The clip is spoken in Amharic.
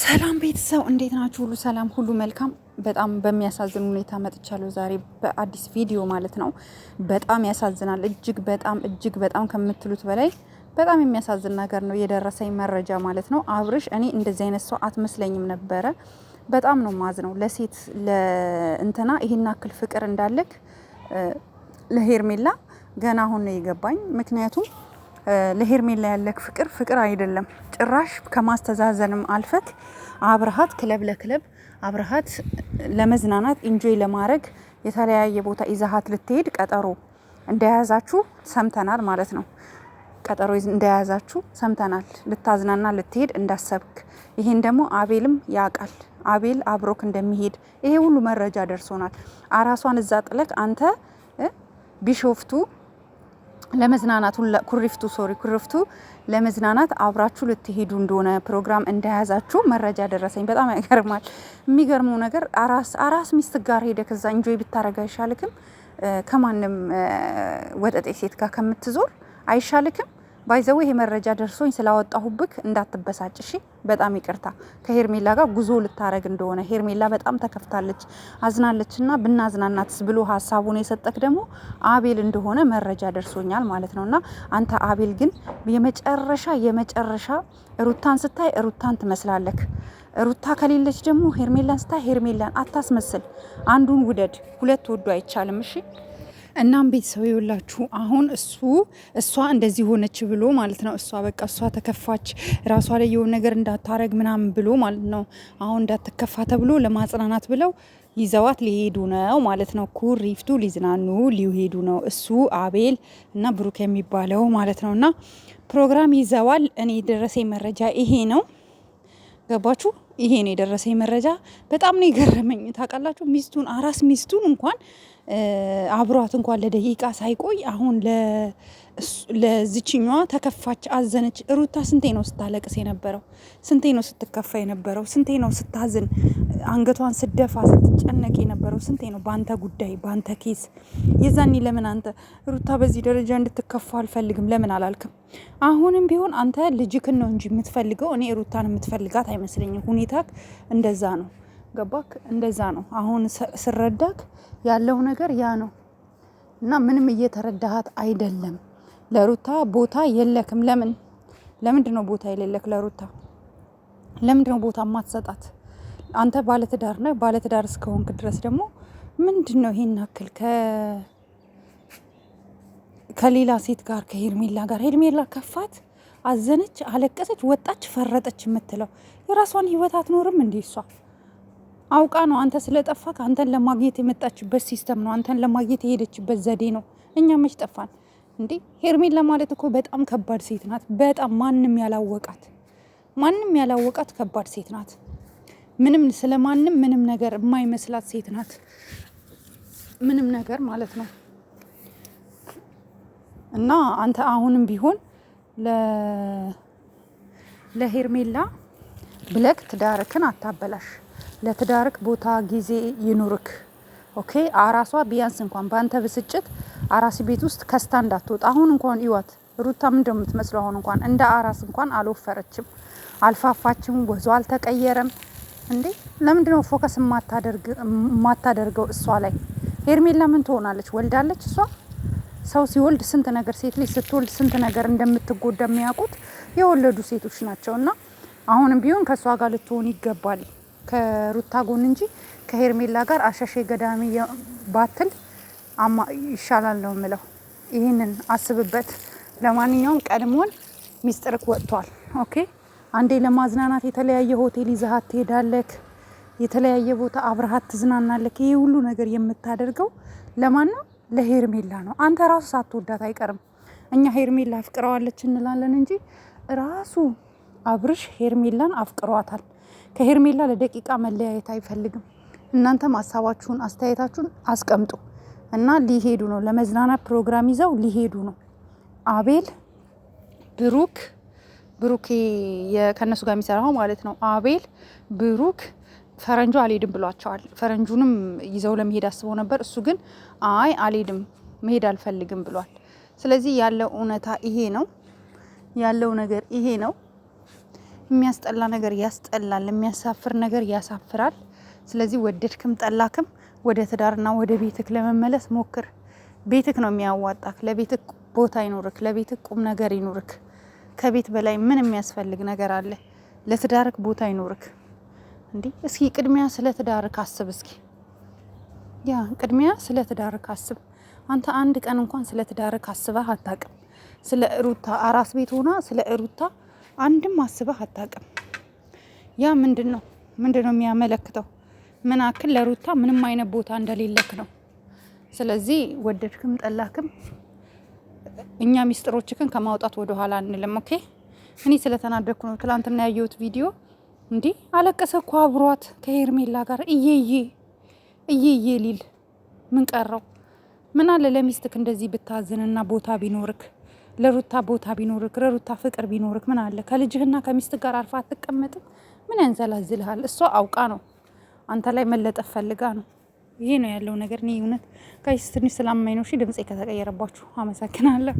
ሰላም ቤተሰብ እንዴት ናችሁ? ሁሉ ሰላም፣ ሁሉ መልካም። በጣም በሚያሳዝን ሁኔታ መጥቻለሁ ዛሬ በአዲስ ቪዲዮ ማለት ነው። በጣም ያሳዝናል። እጅግ በጣም እጅግ በጣም ከምትሉት በላይ በጣም የሚያሳዝን ነገር ነው የደረሰኝ መረጃ ማለት ነው። አብርሽ እኔ እንደዚህ አይነት ሰው አትመስለኝም ነበረ። በጣም ነው ማዝ ነው ለሴት ለእንትና ይሄን አክል ፍቅር እንዳለክ ለሄርሜላ ገና አሁን ነው የገባኝ ምክንያቱም ለሄርሜላ ያለክ ፍቅር ፍቅር አይደለም። ጭራሽ ከማስተዛዘንም አልፈክ አብርሃት ክለብ ለክለብ አብርሃት ለመዝናናት ኢንጆይ ለማድረግ የተለያየ ቦታ ይዛሃት ልትሄድ ቀጠሮ እንደያዛችሁ ሰምተናል ማለት ነው። ቀጠሮ እንደያዛችሁ ሰምተናል። ልታዝናና ልትሄድ እንዳሰብክ ይህን ደግሞ አቤልም ያውቃል። አቤል አብሮክ እንደሚሄድ ይሄ ሁሉ መረጃ ደርሶናል። አራሷን እዛ ጥለቅ አንተ ቢሾፍቱ ለመዝናናት ኩሪፍቱ ሶሪ ኩሪፍቱ ለመዝናናት አብራችሁ ልትሄዱ እንደሆነ ፕሮግራም እንደያዛችሁ መረጃ ደረሰኝ። በጣም ያገርማል። የሚገርመው ነገር አራስ ሚስት ጋር ሄደ ከዛ እንጆይ ብታረግ አይሻልክም? ከማንም ወጠጤ ሴት ጋር ከምትዞር አይሻልክም? ባይዘው ይሄ መረጃ ደርሶኝ ስላወጣሁብክ እንዳትበሳጭ እሺ። በጣም ይቅርታ ከሄርሜላ ጋር ጉዞ ልታረግ እንደሆነ ሄርሜላ በጣም ተከፍታለች፣ አዝናለችና ብናዝናናትስ ብሎ ሀሳቡን የሰጠክ ደግሞ አቤል እንደሆነ መረጃ ደርሶኛል ማለት ነውና አንተ አቤል ግን የመጨረሻ የመጨረሻ ሩታን ስታይ ሩታን ትመስላለክ። ሩታ ከሌለች ደግሞ ሄርሜላን ስታይ ሄርሜላን አታስመስል። አንዱን ውደድ፣ ሁለት ወዶ አይቻልም። እሺ እናም ቤተሰብ የወላችሁ አሁን እሱ እሷ እንደዚህ ሆነች ብሎ ማለት ነው እሷ በቃ እሷ ተከፋች ራሷ ላይ የሆነ ነገር እንዳታረግ ምናምን ብሎ ማለት ነው አሁን እንዳትከፋ ተብሎ ለማጽናናት ብለው ይዘዋት ሊሄዱ ነው ማለት ነው። ኩሪፍቱ ሊዝናኑ ሊሄዱ ነው እሱ አቤል እና ብሩክ የሚባለው ማለት ነው። እና ፕሮግራም ይዘዋል። እኔ የደረሰኝ መረጃ ይሄ ነው። ገባችሁ? ይሄ ነው የደረሰኝ መረጃ። በጣም ነው የገረመኝ ታውቃላችሁ። ሚስቱን አራስ ሚስቱን እንኳን አብሯት እንኳን ለደቂቃ ሳይቆይ አሁን ለዝችኛዋ ተከፋች፣ አዘነች። ሩታ ስንቴ ነው ስታለቅስ የነበረው? ስንቴ ነው ስትከፋ የነበረው? ስንቴ ነው ስታዝን አንገቷን ስደፋ ስትጨነቅ የነበረው? ስንቴ ነው በአንተ ጉዳይ በአንተ ኬስ? የዛኔ ለምን አንተ ሩታ በዚህ ደረጃ እንድትከፋ አልፈልግም ለምን አላልክም? አሁንም ቢሆን አንተ ልጅክን ነው እንጂ የምትፈልገው፣ እኔ ሩታን የምትፈልጋት አይመስለኝም። ሁኔታ እንደዛ ነው። ገባክ? እንደዛ ነው። አሁን ስረዳክ ያለው ነገር ያ ነው እና ምንም እየተረዳሃት አይደለም። ለሩታ ቦታ የለክም። ለምን ለምንድን ነው ቦታ የሌለክ ለሩታ? ለምንድን ነው ቦታ ማትሰጣት? አንተ ባለትዳር ነህ። ባለትዳር እስከሆንክ ድረስ ደግሞ ምንድን ነው ይሄን ያክል ከሌላ ሴት ጋር ከሄርሜላ ጋር ሄርሜላ ከፋት፣ አዘነች፣ አለቀሰች፣ ወጣች፣ ፈረጠች የምትለው የራሷን ህይወት አትኖርም እንዴ እሷ? አውቃ ነው። አንተ ስለጠፋክ አንተን ለማግኘት የመጣችበት ሲስተም ነው። አንተን ለማግኘት የሄደችበት ዘዴ ነው። እኛ መች ጠፋን እንዴ? ሄርሜላ ማለት እኮ በጣም ከባድ ሴት ናት። በጣም ማንም ያላወቃት ማንም ያላወቃት ከባድ ሴት ናት። ምንም ስለ ማንም ምንም ነገር የማይመስላት ሴት ናት። ምንም ነገር ማለት ነው። እና አንተ አሁንም ቢሆን ለሄርሜላ ብለክ ትዳርክን አታበላሽ። ለትዳርክ ቦታ ጊዜ ይኑርክ። ኦኬ አራሷ ቢያንስ እንኳን በአንተ ብስጭት አራሲ ቤት ውስጥ ከስታ እንዳትወጣ። አሁን እንኳን ይዋት ሩታ ምን እንደምትመስለው አሁን እንኳን እንደ አራስ እንኳን አልወፈረችም፣ አልፋፋችም፣ ወዞ አልተቀየረም። እንዴ ለምንድነው ፎከስ የማታደርገው እሷ ላይ? ሄርሜላ ምን ትሆናለች? ወልዳለች እሷ ሰው ሲወልድ ስንት ነገር ሴት ልጅ ስትወልድ ስንት ነገር እንደምትጎዳ የሚያውቁት የወለዱ ሴቶች ናቸው። እና አሁንም ቢሆን ከእሷ ጋር ልትሆን ይገባል። ከሩታ ጎን እንጂ ከሄርሜላ ጋር አሻሼ ገዳሚ ባትል አማ ይሻላል ነው የምለው። ይህንን አስብበት። ለማንኛውም ቀድሞን ሚስጥርክ ወጥቷል። ኦኬ አንዴ ለማዝናናት የተለያየ ሆቴል ይዘሃት ትሄዳለክ፣ የተለያየ ቦታ አብረሃት ትዝናናለክ። ይህ ሁሉ ነገር የምታደርገው ለማን ነው? ለሄርሜላ ነው። አንተ ራሱ ሳትወዳት አይቀርም። እኛ ሄርሜላ አፍቅረዋለች እንላለን እንጂ ራሱ አብርሽ ሄርሜላን አፍቅሯታል። ከሄርሜላ ለደቂቃ መለያየት አይፈልግም። እናንተም ሀሳባችሁን አስተያየታችሁን አስቀምጡ እና ሊሄዱ ነው። ለመዝናናት ፕሮግራም ይዘው ሊሄዱ ነው። አቤል ብሩክ ብሩክ ከእነሱ ጋር የሚሰራው ማለት ነው። አቤል ብሩክ ፈረንጁ አልሄድም ብሏቸዋል። ፈረንጁንም ይዘው ለመሄድ አስበው ነበር። እሱ ግን አይ አልሄድም መሄድ አልፈልግም ብሏል። ስለዚህ ያለው እውነታ ይሄ ነው። ያለው ነገር ይሄ ነው። የሚያስጠላ ነገር ያስጠላል፣ የሚያሳፍር ነገር ያሳፍራል። ስለዚህ ወደድክም ጠላክም ወደ ትዳርና ወደ ቤትክ ለመመለስ ሞክር። ቤትክ ነው የሚያዋጣክ። ለቤትክ ቦታ ይኑርክ፣ ለቤትክ ቁም ነገር ይኑርክ። ከቤት በላይ ምን የሚያስፈልግ ነገር አለ? ለትዳርክ ቦታ ይኑርክ። እንዲህ እስኪ ቅድሚያ ስለ ትዳርክ አስብ። እስኪ ያ ቅድሚያ ስለ ትዳርክ አስብ። አንተ አንድ ቀን እንኳን ስለ ትዳርክ አስበህ አታውቅም። ስለ ሩታ አራስ ቤት ሆና ስለ ሩታ አንድም አስበህ አታውቅም። ያ ምንድን ነው ምንድን ነው የሚያመለክተው? ምን አክል ለሩታ ምንም አይነት ቦታ እንደሌለክ ነው። ስለዚህ ወደድክም ጠላክም እኛ ሚስጥሮችክን ከማውጣት ወደ ኋላ አንልም። ኦኬ እኔ ስለተናደድኩ ነው። ትላንትና ያየሁት ቪዲዮ እንዲህ አለቀሰ እኮ አብሯት ከሄርሜላ ጋር እየዬ እየዬ ሊል ምን ቀረው? ምን አለ ለሚስትክ እንደዚህ ብታዝንና ቦታ ቢኖርክ ለሩታ ቦታ ቢኖርክ፣ ለሩታ ፍቅር ቢኖርክ ምን አለ? ከልጅህና ከሚስት ጋር አርፋ አትቀመጥም? ምን ያንዘላዝልሃል? እሷ አውቃ ነው፣ አንተ ላይ መለጠፍ ፈልጋ ነው። ይሄ ነው ያለው ነገር። እኔ እውነት ከዚህ ትንሽ ስላማኝ ነው። እሺ ድምፄ ከተቀየረባችሁ አመሰግናለሁ።